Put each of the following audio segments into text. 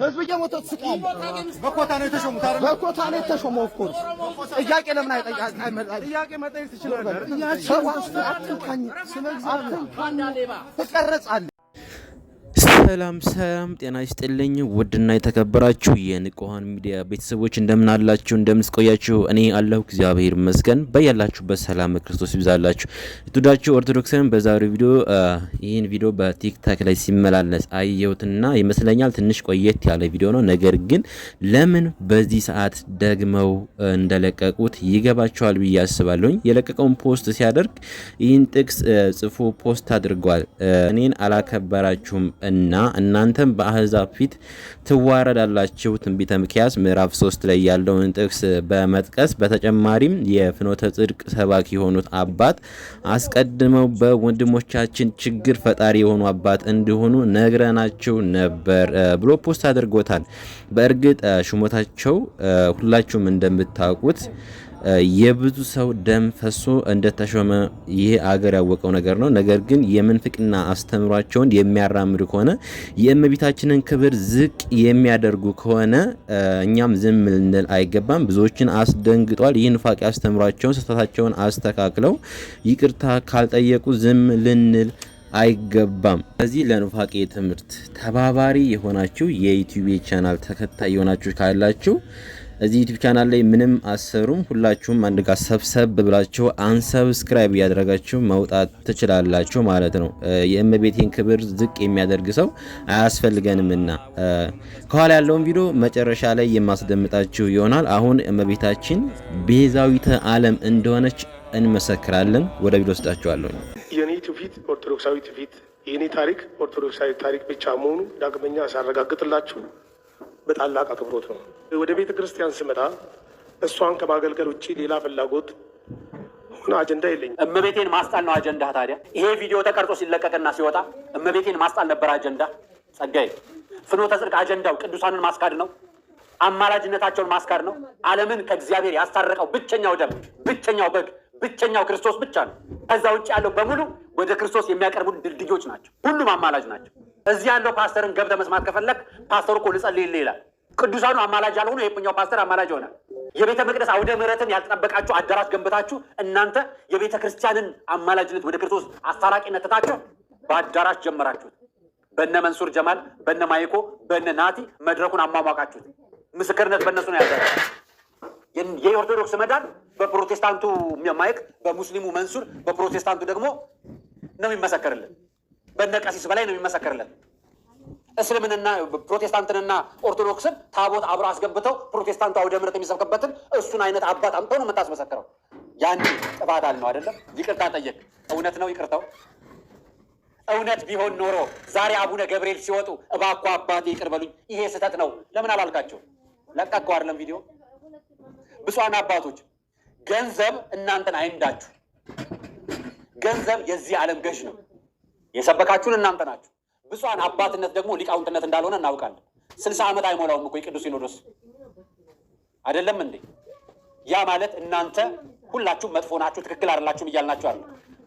ህዝብ እየሞተ ትስቃለህ። በኮታ ነው የተሾሙት አይደል? በኮታ ነው የተሾመው እኮ ጥያቄ ለምን አይጠይቅም? ጥያቄ መጠየቅ ትችላለህ። ሰላም ሰላም፣ ጤና ይስጥልኝ ውድና የተከበራችሁ የንቁሃን ሚዲያ ቤተሰቦች እንደምን አላችሁ? እንደምን ስቆያችሁ? እኔ አለሁ እግዚአብሔር ይመስገን። በያላችሁበት ሰላም ክርስቶስ ይብዛላችሁ። የተወደዳችሁ ኦርቶዶክሳን፣ በዛሬው ቪዲዮ ይህን ቪዲዮ በቲክታክ ላይ ሲመላለስ አየሁትና ይመስለኛል ትንሽ ቆየት ያለ ቪዲዮ ነው። ነገር ግን ለምን በዚህ ሰዓት ደግመው እንደለቀቁት ይገባቸዋል ብዬ አስባለሁኝ። የለቀቀውን ፖስት ሲያደርግ ይህን ጥቅስ ጽፎ ፖስት አድርጓል። እኔን አላከበራችሁም እና እናንተም በአህዛብ ፊት ትዋረዳላችሁ ትንቢተ ሚክያስ ምዕራፍ 3 ላይ ያለውን ጥቅስ በመጥቀስ በተጨማሪም የፍኖተ ጽድቅ ሰባኪ የሆኑት አባት አስቀድመው በወንድሞቻችን ችግር ፈጣሪ የሆኑ አባት እንደሆኑ ነግረናችሁ ነበር ብሎ ፖስት አድርጎታል። በእርግጥ ሹመታቸው ሁላችሁም እንደምታውቁት የብዙ ሰው ደም ፈሶ እንደተሾመ ይህ አገር ያወቀው ነገር ነው። ነገር ግን የምንፍቅና አስተምሯቸውን የሚያራምዱ ከሆነ የእመቤታችንን ክብር ዝቅ የሚያደርጉ ከሆነ እኛም ዝም ልንል አይገባም። ብዙዎችን አስደንግጧል። ይህ ንፋቂ አስተምሯቸውን ስህተታቸውን አስተካክለው ይቅርታ ካልጠየቁ ዝም ልንል አይገባም። ስለዚህ ለኑፋቄ ትምህርት ተባባሪ የሆናችሁ የዩቲዩብ ቻናል ተከታይ የሆናችሁ ካላችሁ እዚህ ዩቲዩብ ቻናል ላይ ምንም አሰሩም፣ ሁላችሁም አንድ ጋር ሰብሰብ ብላችሁ አንሰብስክራይብ እያደረጋችሁ መውጣት ትችላላችሁ ማለት ነው። የእመቤቴን ክብር ዝቅ የሚያደርግ ሰው አያስፈልገንምና ከኋላ ያለውን ቪዲዮ መጨረሻ ላይ የማስደምጣችሁ ይሆናል። አሁን እመቤታችን ቤዛዊተ ዓለም እንደሆነች እንመሰክራለን። ወደ ቪዲዮ ወስዳችኋለሁ። የኔ ትውፊት ኦርቶዶክሳዊ ትውፊት፣ የእኔ ታሪክ ኦርቶዶክሳዊ ታሪክ ብቻ መሆኑ ዳግመኛ ሳረጋግጥላችሁ በታላቅ አክብሮት ነው። ወደ ቤተ ክርስቲያን ስመጣ እሷን ከማገልገል ውጭ ሌላ ፍላጎት ሆነ አጀንዳ የለኝም። እመቤቴን ማስጣል ነው አጀንዳ። ታዲያ ይሄ ቪዲዮ ተቀርጾ ሲለቀቅና ሲወጣ እመቤቴን ማስጣል ነበር አጀንዳ። ጸጋዬ ፍኖተ ጽድቅ አጀንዳው ቅዱሳንን ማስካድ ነው። አማላጅነታቸውን ማስካድ ነው። ዓለምን ከእግዚአብሔር ያስታረቀው ብቸኛው ደም ብቸኛው በግ ብቸኛው ክርስቶስ ብቻ ነው። ከዛ ውጭ ያለው በሙሉ ወደ ክርስቶስ የሚያቀርቡ ድልድዮች ናቸው። ሁሉም አማላጅ ናቸው። እዚህ ያለው ፓስተርን ገብተህ መስማት ከፈለግ ፓስተሩ እኮ ልጸልይልህ ይላል። ቅዱሳኑ አማላጅ ያልሆኑ የኛው ፓስተር አማላጅ ይሆናል? የቤተ መቅደስ አውደ ምሕረትን ያልተጠበቃችሁ አዳራሽ ገንብታችሁ እናንተ የቤተ ክርስቲያንን አማላጅነት ወደ ክርስቶስ አስታራቂነት ትታችሁ በአዳራሽ ጀመራችሁት። በነ መንሱር ጀማል፣ በነ ማይኮ፣ በነ ናቲ መድረኩን አሟሟቃችሁት። ምስክርነት በእነሱ ነው ያለ የኦርቶዶክስ መዳን በፕሮቴስታንቱ ማይክ፣ በሙስሊሙ መንሱር፣ በፕሮቴስታንቱ ደግሞ ነው የሚመሰከርልን። በነቀሲስ በላይ ነው የሚመሰከርልን። እስልምንና ፕሮቴስታንትንና ኦርቶዶክስን ታቦት አብሮ አስገብተው ፕሮቴስታንቱ አውደ ምረት የሚሰብክበትን እሱን አይነት አባት አምጥቶ ነው የምታስመሰክረው። ያን ጥፋት አል ነው አይደለም? ይቅርታ ጠየቅ። እውነት ነው ይቅርታው። እውነት ቢሆን ኖሮ ዛሬ አቡነ ገብርኤል ሲወጡ እባክዎ አባቴ ይቅርበሉኝ፣ ይሄ ስህተት ነው ለምን አላልካቸው? ለቀቀው አይደለም ቪዲዮ ብፁዓን አባቶች ገንዘብ እናንተን አይንዳችሁ። ገንዘብ የዚህ ዓለም ገዥ ነው። የሰበካችሁን እናንተ ናችሁ። ብፁዓን አባትነት ደግሞ ሊቃውንትነት እንዳልሆነ እናውቃለን። ስልሳ ዓመት አይሞላውም እኮ የቅዱስ ሲኖዶስ አይደለም እንዴ? ያ ማለት እናንተ ሁላችሁም መጥፎ ናችሁ፣ ትክክል አይደላችሁም እያልናችሁ አለ።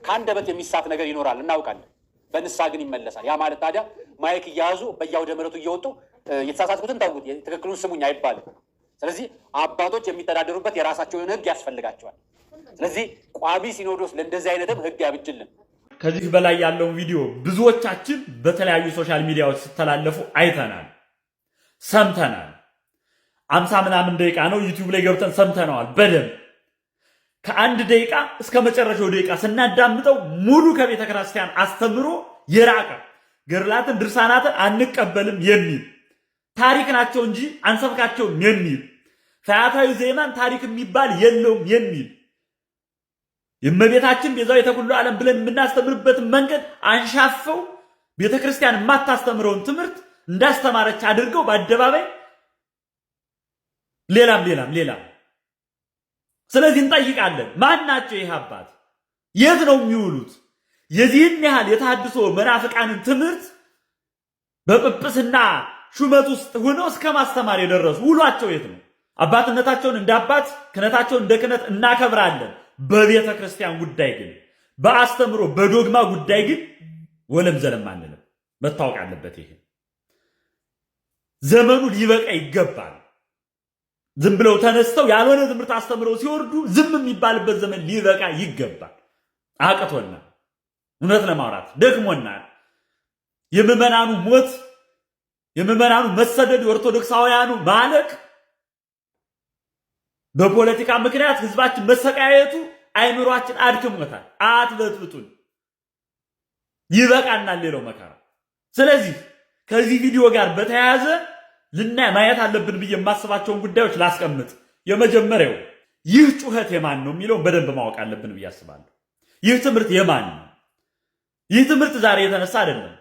ከአንደበት የሚሳት ነገር ይኖራል እናውቃለን። በንሳ ግን ይመለሳል። ያ ማለት ታዲያ ማይክ እያያዙ በየአውደ ምሕረቱ እየወጡ የተሳሳትኩትን ተውት፣ ትክክሉን ስሙኝ አይባልም። ስለዚህ አባቶች የሚተዳደሩበት የራሳቸውን ህግ ያስፈልጋቸዋል። ስለዚህ ቋሚ ሲኖዶስ ለእንደዚህ አይነትም ህግ ያብጅልን። ከዚህ በላይ ያለውን ቪዲዮ ብዙዎቻችን በተለያዩ ሶሻል ሚዲያዎች ሲተላለፉ አይተናል፣ ሰምተናል። አምሳ ምናምን ደቂቃ ነው ዩቲዩብ ላይ ገብተን ሰምተነዋል በደንብ ከአንድ ደቂቃ እስከ መጨረሻው ደቂቃ ስናዳምጠው ሙሉ ከቤተ ክርስቲያን አስተምሮ የራቀ ገድላትን ድርሳናትን አንቀበልም የሚል ታሪክ ናቸው እንጂ አንሰብካቸውም የሚል ፈያታዊ ዘይማን ታሪክ የሚባል የለውም የሚል የእመቤታችን ቤዛው ኩሉ ዓለም ብለን የምናስተምርበትን መንገድ አንሻፈው ቤተ ክርስቲያን የማታስተምረውን ትምህርት እንዳስተማረች አድርገው በአደባባይ ሌላም ሌላም ሌላም። ስለዚህ እንጠይቃለን፣ ማን ናቸው ይህ አባት? የት ነው የሚውሉት? የዚህን ያህል የታድሶ መናፍቃንን ትምህርት በጵጵስና ሹመት ውስጥ ሆነው እስከ ማስተማር የደረሱ ውሏቸው የት ነው? አባትነታቸውን እንደ አባት ክህነታቸውን እንደ ክህነት እናከብራለን። በቤተ ክርስቲያን ጉዳይ ግን በአስተምሮ በዶግማ ጉዳይ ግን ወለም ዘለም አንልም። መታወቅ አለበት። ይሄ ዘመኑ ሊበቃ ይገባል። ዝም ብለው ተነስተው ያልሆነ ትምህርት አስተምረው ሲወርዱ ዝም የሚባልበት ዘመን ሊበቃ ይገባል። አቅቶና እውነት ለማውራት ደክሞናል። የምዕመናኑ ሞት የምዕመናኑ መሰደድ፣ የኦርቶዶክሳውያኑ ማለቅ፣ በፖለቲካ ምክንያት ህዝባችን መሰቃየቱ አይምሯችን አድክሞታል። አትበጥብጡን፣ ይበቃናል ሌላው መከራ። ስለዚህ ከዚህ ቪዲዮ ጋር በተያያዘ ልናይ ማየት አለብን ብዬ የማስባቸውን ጉዳዮች ላስቀምጥ። የመጀመሪያው ይህ ጩኸት የማን ነው የሚለውን በደንብ ማወቅ አለብን ብዬ አስባለሁ። ይህ ትምህርት የማን ነው? ይህ ትምህርት ዛሬ የተነሳ አይደለም።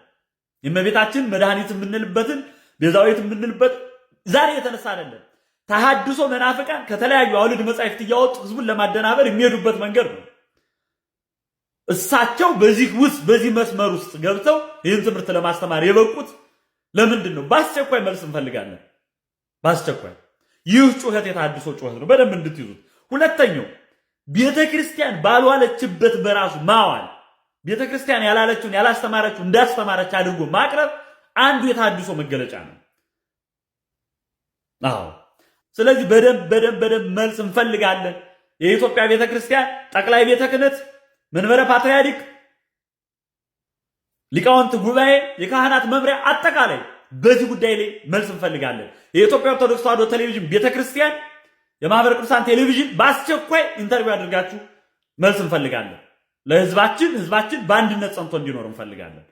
የእመቤታችን መድኃኒት የምንልበትን ቤዛዊት የምንልበት ዛሬ የተነሳ አይደለም። ተሃድሶ መናፍቃን ከተለያዩ አውልድ መጻሕፍት እያወጡ ህዝቡን ለማደናበር የሚሄዱበት መንገድ ነው። እሳቸው በዚህ ውስጥ በዚህ መስመር ውስጥ ገብተው ይህን ትምህርት ለማስተማር የበቁት ለምንድን ነው? በአስቸኳይ መልስ እንፈልጋለን። በአስቸኳይ ይህ ጩኸት የተሐድሶ ጩኸት ነው። በደንብ እንድትይዙት። ሁለተኛው ቤተ ክርስቲያን ባልዋለችበት በራሱ ማዋል ቤተ ክርስቲያን ያላለችውን ያላስተማረችው እንዳስተማረች አድርጎ ማቅረብ አንዱ የታድሶ መገለጫ ነው። አዎ። ስለዚህ በደንብ በደንብ በደንብ መልስ እንፈልጋለን። የኢትዮጵያ ቤተ ክርስቲያን ጠቅላይ ቤተ ክህነት፣ መንበረ ፓትርያርክ፣ ሊቃውንት ጉባኤ፣ የካህናት መምሪያ አጠቃላይ በዚህ ጉዳይ ላይ መልስ እንፈልጋለን። የኢትዮጵያ ኦርቶዶክስ ተዋህዶ ቴሌቪዥን ቤተ ክርስቲያን፣ የማህበረ ቅዱሳን ቴሌቪዥን በአስቸኳይ ኢንተርቪው አድርጋችሁ መልስ እንፈልጋለን። ለህዝባችን ህዝባችን በአንድነት ጸንቶ እንዲኖር እንፈልጋለን።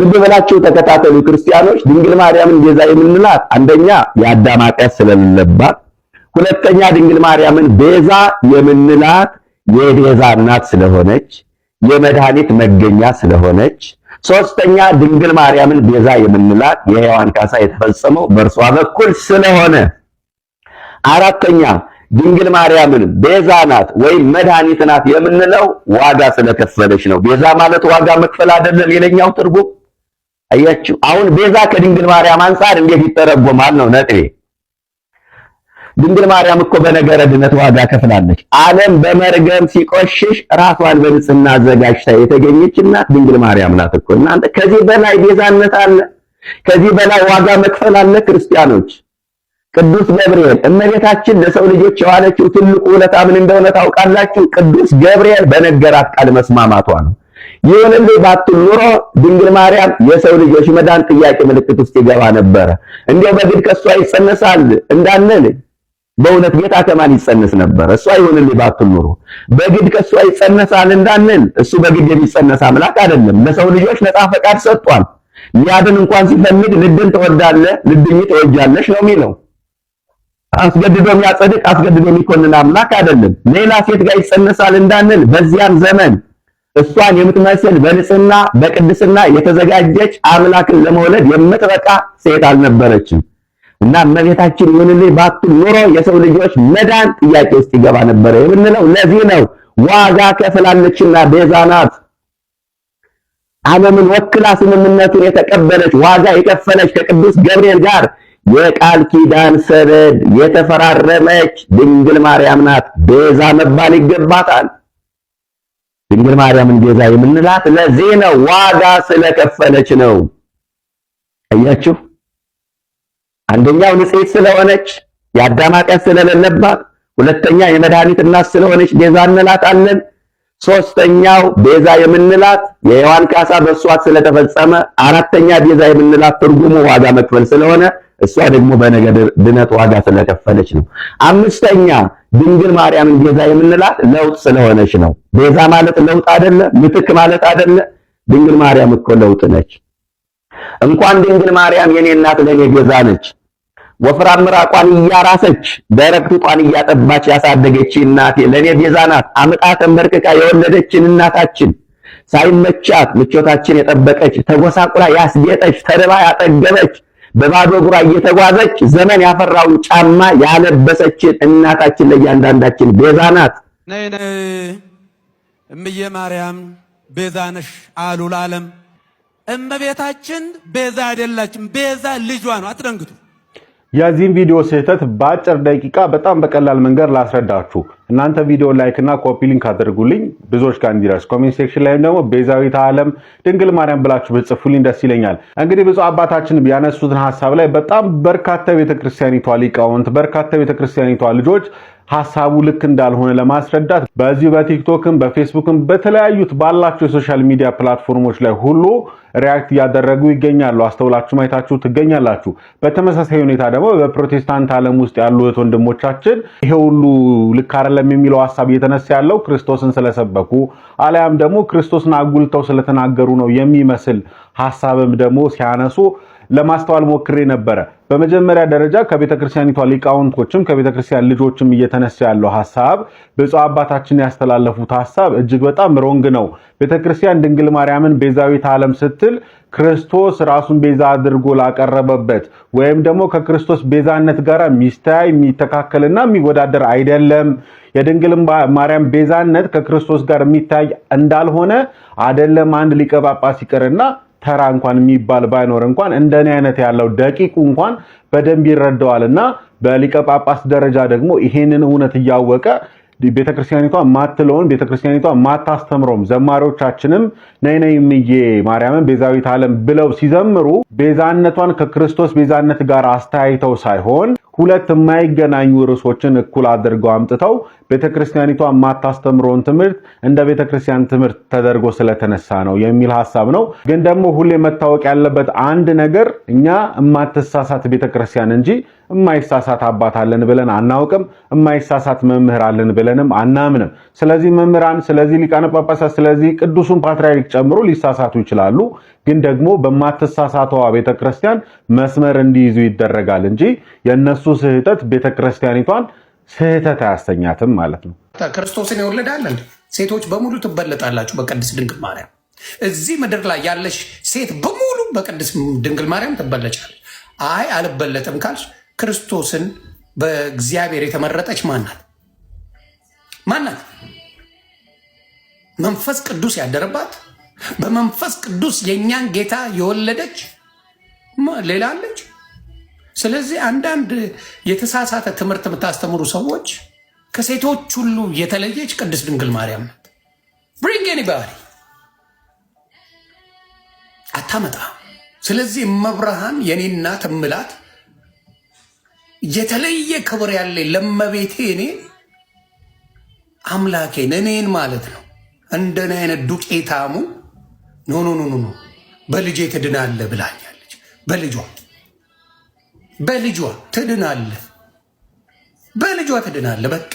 ልብ ብላችሁ ተከታተሉ ክርስቲያኖች። ድንግል ማርያምን ቤዛ የምንላት አንደኛ የአዳም ኃጢአት ስለሌለባት፣ ሁለተኛ ድንግል ማርያምን ቤዛ የምንላት የቤዛ እናት ስለሆነች የመድኃኒት መገኛ ስለሆነች፣ ሶስተኛ ድንግል ማርያምን ቤዛ የምንላት የሔዋን ካሳ የተፈጸመው በእርሷ በኩል ስለሆነ፣ አራተኛ ድንግል ማርያምን ቤዛ ናት ወይም መድኃኒት ናት የምንለው ዋጋ ስለከፈለች ነው። ቤዛ ማለት ዋጋ መክፈል አይደለም የለኛው ትርጉም አያችሁ። አሁን ቤዛ ከድንግል ማርያም አንጻር እንዴት ይተረጎማል ነው ነጥቤ። ድንግል ማርያም እኮ በነገረ ድነት ዋጋ ከፍላለች። ዓለም በመርገም ሲቆሽሽ ራሷን በንጽህና አዘጋጅታ የተገኘች እናት ድንግል ማርያም ናት እኮ። እናንተ ከዚህ በላይ ቤዛነት አለ? ከዚህ በላይ ዋጋ መክፈል አለ ክርስቲያኖች? ቅዱስ ገብርኤል እመቤታችን ለሰው ልጆች የዋለችው ትልቁ ውለታ ምን እንደሆነ ታውቃላችሁ? ቅዱስ ገብርኤል በነገራት ቃል መስማማቷ ነው። ይሁን እንጂ ባትል ኑሮ ድንግል ማርያም የሰው ልጆች መዳን ጥያቄ ምልክት ውስጥ ይገባ ነበረ። እንዲያው በግድ ከእሷ ይጸነሳል እንዳንል በእውነት ጌታ ከማን ይጸነስ ነበር? እሷ ይሁንልኝ ባትል ኑሮ በግድ ከእሷ ይጸነሳል እንዳንል፣ እሱ በግድ የሚጸነስ አምላክ አይደለም። ለሰው ልጆች ነጻ ፈቃድ ሰጥቷል። ሊያድን እንኳን ሲፈልግ ልድን ትወዳለህ፣ ልድኝ ትወጃለሽ ነው የሚለው አስገድዶ የሚያጸድቅ አስገድዶ የሚኮንን አምላክ አይደለም። ሌላ ሴት ጋር ይጸነሳል እንዳንል በዚያም ዘመን እሷን የምትመስል በንጽህና በቅድስና የተዘጋጀች አምላክን ለመውለድ የምትበቃ ሴት አልነበረችም። እና እመቤታችን ይሁንልኝ ባትል ኖሮ የሰው ልጆች መዳን ጥያቄ ውስጥ ይገባ ነበረ የምንለው ለዚህ ነው። ዋጋ ከፍላለችና ቤዛ ናት። ዓለምን ወክላ ስምምነቱን የተቀበለች ዋጋ የከፈለች ከቅዱስ ገብርኤል ጋር የቃል ኪዳን ሰነድ የተፈራረመች ድንግል ማርያም ናት። ቤዛ መባል ይገባታል። ድንግል ማርያምን ቤዛ የምንላት ለዚህ ነው፣ ዋጋ ስለከፈለች ነው። አያችሁ፣ አንደኛው ንጽሕት ስለሆነች የአዳም ኃጢአት ስለሌለባት፣ ሁለተኛ የመድኃኒት እናት ስለሆነች ቤዛ እንላታለን። ሶስተኛው ቤዛ የምንላት የሔዋን ካሳ በእሷት ስለተፈጸመ፣ አራተኛ ቤዛ የምንላት ትርጉሙ ዋጋ መክፈል ስለሆነ እሷ ደግሞ በነገ ድነት ዋጋ ስለከፈለች ነው። አምስተኛ ድንግል ማርያምን ቤዛ የምንላት ለውጥ ስለሆነች ነው። ቤዛ ማለት ለውጥ አይደለ? ምትክ ማለት አይደለ? ድንግል ማርያም እኮ ለውጥ ነች። እንኳን ድንግል ማርያም የኔ እናት ለኔ ቤዛ ነች። ወፍራም ምራቋን እያራሰች ደረቅ ጡቷን እያጠባች ያሳደገች እናቴ ለኔ ቤዛ ናት። አምጣ ተንበርክካ የወለደችን እናታችን ሳይመቻት ምቾታችን የጠበቀች ተጎሳቁላ ያስጌጠች ተርባ ያጠገበች በባዶ እግሯ እየተጓዘች ዘመን ያፈራውን ጫማ ያለበሰችን እናታችን ለእያንዳንዳችን ቤዛ ናት። ነይ ነይ እምዬ ማርያም ቤዛ ነሽ አሉ ለዓለም። እመቤታችን ቤዛ አይደላችም። ቤዛ ልጇ ነው። አትደንግጡ። የዚህም ቪዲዮ ስህተት በአጭር ደቂቃ በጣም በቀላል መንገድ ላስረዳችሁ። እናንተ ቪዲዮ ላይክ እና ኮፒ ሊንክ አድርጉልኝ ብዙዎች ጋር እንዲደርስ። ኮሜንት ሴክሽን ላይም ደግሞ ቤዛዊት ዓለም ድንግል ማርያም ብላችሁ ብጽፉልኝ ደስ ይለኛል። እንግዲህ ብፁዕ አባታችን ያነሱትን ሀሳብ ላይ በጣም በርካታ ቤተክርስቲያኒቷ ሊቃውንት፣ በርካታ ቤተክርስቲያኒቷ ልጆች ሀሳቡ ልክ እንዳልሆነ ለማስረዳት በዚሁ በቲክቶክም በፌስቡክም በተለያዩት ባላቸው የሶሻል ሚዲያ ፕላትፎርሞች ላይ ሁሉ ሪያክት እያደረጉ ይገኛሉ። አስተውላችሁ ማየታችሁ ትገኛላችሁ። በተመሳሳይ ሁኔታ ደግሞ በፕሮቴስታንት ዓለም ውስጥ ያሉት ወንድሞቻችን ይሄ ሁሉ ልክ አይደለም የሚለው ሀሳብ እየተነሳ ያለው ክርስቶስን ስለሰበኩ አሊያም ደግሞ ክርስቶስን አጉልተው ስለተናገሩ ነው የሚመስል ሀሳብም ደግሞ ሲያነሱ ለማስተዋል ሞክሬ ነበረ። በመጀመሪያ ደረጃ ከቤተ ክርስቲያኒቷ ሊቃውንቶችም ከቤተ ክርስቲያን ልጆችም እየተነሳ ያለው ሀሳብ ብፁዕ አባታችን ያስተላለፉት ሀሳብ እጅግ በጣም ሮንግ ነው። ቤተ ክርስቲያን ድንግል ማርያምን ቤዛዊት ዓለም ስትል ክርስቶስ ራሱን ቤዛ አድርጎ ላቀረበበት ወይም ደግሞ ከክርስቶስ ቤዛነት ጋር ሚስተያይ የሚተካከልና የሚወዳደር አይደለም። የድንግል ማርያም ቤዛነት ከክርስቶስ ጋር የሚታይ እንዳልሆነ አደለም አንድ ሊቀ ጳጳስ ይቅርና ተራ እንኳን የሚባል ባይኖር እንኳን እንደኔ አይነት ያለው ደቂቁ እንኳን በደንብ ይረዳዋል እና በሊቀ ጳጳስ ደረጃ ደግሞ ይሄንን እውነት እያወቀ ቤተክርስቲያኒቷ ማትለውን ቤተክርስቲያኒቷ ማታስተምረውም ዘማሪዎቻችንም ነይ ነይ ማርያምን ቤዛዊት ዓለም ብለው ሲዘምሩ ቤዛነቷን ከክርስቶስ ቤዛነት ጋር አስተያይተው ሳይሆን ሁለት የማይገናኙ ርዕሶችን እኩል አድርገው አምጥተው ቤተክርስቲያኒቷ የማታስተምረውን ትምህርት እንደ ቤተክርስቲያን ትምህርት ተደርጎ ስለተነሳ ነው የሚል ሀሳብ ነው። ግን ደግሞ ሁሌ መታወቅ ያለበት አንድ ነገር እኛ የማትሳሳት ቤተክርስቲያን እንጂ የማይሳሳት አባት አለን ብለን አናውቅም። የማይሳሳት መምህር አለን ብለንም አናምንም። ስለዚህ መምህራን፣ ስለዚህ ሊቃነ ጳጳሳት፣ ስለዚህ ቅዱሱን ፓትርያርክ ጨምሮ ሊሳሳቱ ይችላሉ። ግን ደግሞ በማትሳሳተዋ ቤተክርስቲያን መስመር እንዲይዙ ይደረጋል እንጂ የእነሱ ስህተት ቤተክርስቲያኒቷን ስህተት አያሰኛትም ማለት ነው። ክርስቶስን የወለዳለን ሴቶች በሙሉ ትበለጣላችሁ በቅድስት ድንግል ማርያም። እዚህ ምድር ላይ ያለሽ ሴት በሙሉ በቅድስት ድንግል ማርያም ትበለጫል። አይ አልበለጥም ካልሽ ክርስቶስን በእግዚአብሔር የተመረጠች ማናት? ማናት? መንፈስ ቅዱስ ያደረባት በመንፈስ ቅዱስ የእኛን ጌታ የወለደች ሌላ አለች? ስለዚህ አንዳንድ የተሳሳተ ትምህርት የምታስተምሩ ሰዎች ከሴቶች ሁሉ የተለየች ቅድስት ድንግል ማርያም ናት። ብሪንግ ኤኒባዲ አታመጣ። ስለዚህ እመብርሃን የኔ እናት እምላት የተለየ ክብር ያለኝ ለመቤቴ እኔ አምላኬን እኔን ማለት ነው። እንደኔ አይነት ዱቄታሙ ኖ ኖ ኖ ኖ በልጄ ትድናለ ብላኛለች። በልጇ በልጇ ትድናለ በልጇ ትድናለ። በቃ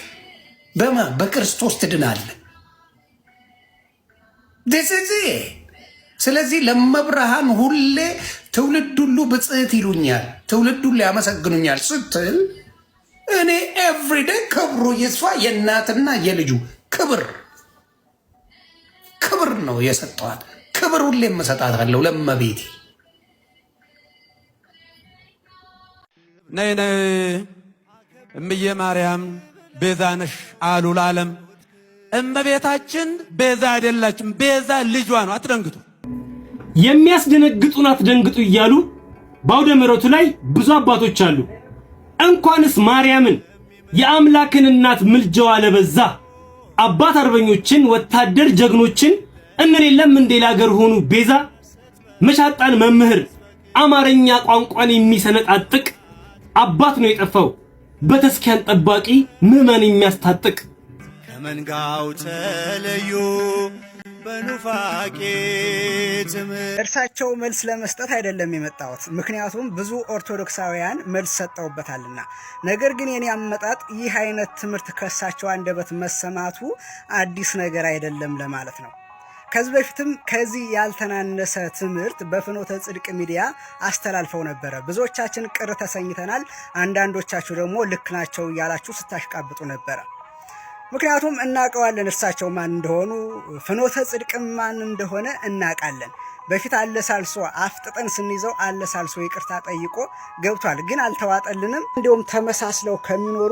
በማ በክርስቶስ ትድናለ ደዘዜ ስለዚህ ለመብርሃን ሁሌ ትውልድ ሁሉ ብጽት ይሉኛል፣ ትውልድ ሁሉ ያመሰግኑኛል ስትል እኔ ኤቭሪዴ ክብሩ ይስፋ የእናትና የልጁ ክብር ክብር ነው የሰጠዋት። ክብር ሁሌ የምሰጣታለሁ ለመቤቴ። ነይ ነይ እምዬ ማርያም ቤዛ ነሽ አሉ ለዓለም። እመቤታችን ቤዛ አይደላችም፣ ቤዛ ልጇ ነው። አትደንግቱ። የሚያስደነግጡን አትደንግጡ እያሉ በአውደ ምሕረቱ ላይ ብዙ አባቶች አሉ። እንኳንስ ማርያምን የአምላክን እናት ምልጃዋ ለበዛ አባት አርበኞችን፣ ወታደር ጀግኖችን እነን ለም እንዴ ለአገር ሆኑ ቤዛ መሻጣን መምህር አማርኛ ቋንቋን የሚሰነጣጥቅ አባት ነው የጠፋው። በተስኪያን ጠባቂ ምዕመን የሚያስታጥቅ ከመንጋው ተለዩ። እርሳቸው መልስ ለመስጠት አይደለም የመጣሁት፣ ምክንያቱም ብዙ ኦርቶዶክሳውያን መልስ ሰጠውበታልና። ነገር ግን የኔ አመጣጥ ይህ አይነት ትምህርት ከሳቸው አንደበት መሰማቱ አዲስ ነገር አይደለም ለማለት ነው። ከዚህ በፊትም ከዚህ ያልተናነሰ ትምህርት በፍኖተ ጽድቅ ሚዲያ አስተላልፈው ነበረ። ብዙዎቻችን ቅር ተሰኝተናል። አንዳንዶቻችሁ ደግሞ ልክ ናቸው እያላችሁ ስታሽቃብጡ ነበረ። ምክንያቱም እናውቀዋለን እርሳቸው ማን እንደሆኑ ፍኖተ ጽድቅም ማን እንደሆነ እናቃለን በፊት አለሳልሶ አፍጥጠን ስንይዘው አለሳልሶ ይቅርታ ጠይቆ ገብቷል፣ ግን አልተዋጠልንም። እንዲሁም ተመሳስለው ከሚኖሩ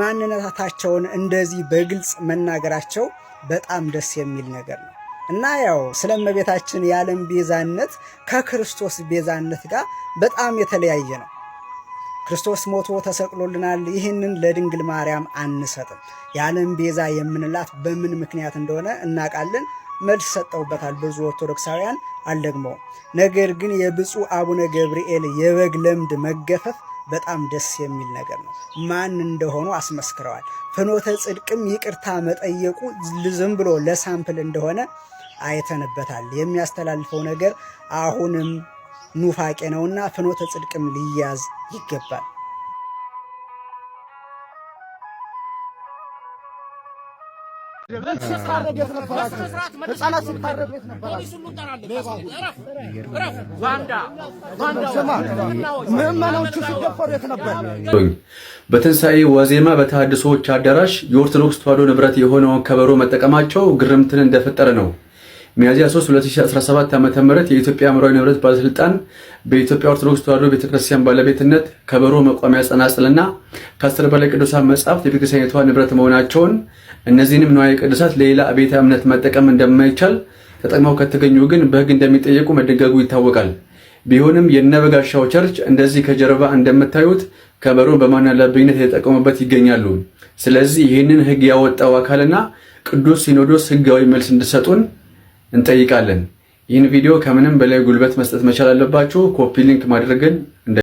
ማንነታቸውን እንደዚህ በግልጽ መናገራቸው በጣም ደስ የሚል ነገር ነው እና ያው ስለ እመቤታችን የዓለም ቤዛነት ከክርስቶስ ቤዛነት ጋር በጣም የተለያየ ነው። ክርስቶስ ሞቶ ተሰቅሎልናል። ይህንን ለድንግል ማርያም አንሰጥም። የዓለም ቤዛ የምንላት በምን ምክንያት እንደሆነ እናውቃለን። መልስ ሰጠውበታል። ብዙ ኦርቶዶክሳውያን አልደግመውም። ነገር ግን የብፁዕ አቡነ ገብርኤል የበግ ለምድ መገፈፍ በጣም ደስ የሚል ነገር ነው። ማን እንደሆኑ አስመስክረዋል። ፍኖተ ጽድቅም ይቅርታ መጠየቁ ዝም ብሎ ለሳምፕል እንደሆነ አይተንበታል። የሚያስተላልፈው ነገር አሁንም ኑፋቄ ነውና ፍኖተ ጽድቅም ሊያዝ ይገባል። በትንሣኤ ዋዜማ በተሃድሶዎች አዳራሽ የኦርቶዶክስ ተዋሕዶ ንብረት የሆነውን ከበሮ መጠቀማቸው ግርምትን እንደፈጠረ ነው። ሚያዚያ 3 2017 ዓ ም የኢትዮጵያ አእምሯዊ ንብረት ባለስልጣን በኢትዮጵያ ኦርቶዶክስ ተዋሕዶ ቤተክርስቲያን ባለቤትነት ከበሮ፣ መቋሚያ፣ ጸናጽልና ከአስር በላይ ቅዱሳት መጻሕፍት የቤተክርስቲያኒቷ ንብረት መሆናቸውን እነዚህንም ንዋየ ቅዱሳት ለሌላ ቤተ እምነት መጠቀም እንደማይቻል ተጠቅመው ከተገኙ ግን በሕግ እንደሚጠየቁ መደንገጉ ይታወቃል። ቢሆንም የነበጋሻው ቸርች እንደዚህ ከጀርባ እንደምታዩት ከበሮን በማናለብኝነት የተጠቀሙበት ይገኛሉ። ስለዚህ ይህንን ሕግ ያወጣው አካልና ቅዱስ ሲኖዶስ ሕጋዊ መልስ እንዲሰጡን እንጠይቃለን። ይህን ቪዲዮ ከምንም በላይ ጉልበት መስጠት መቻል አለባችሁ። ኮፒ ሊንክ ማድረግን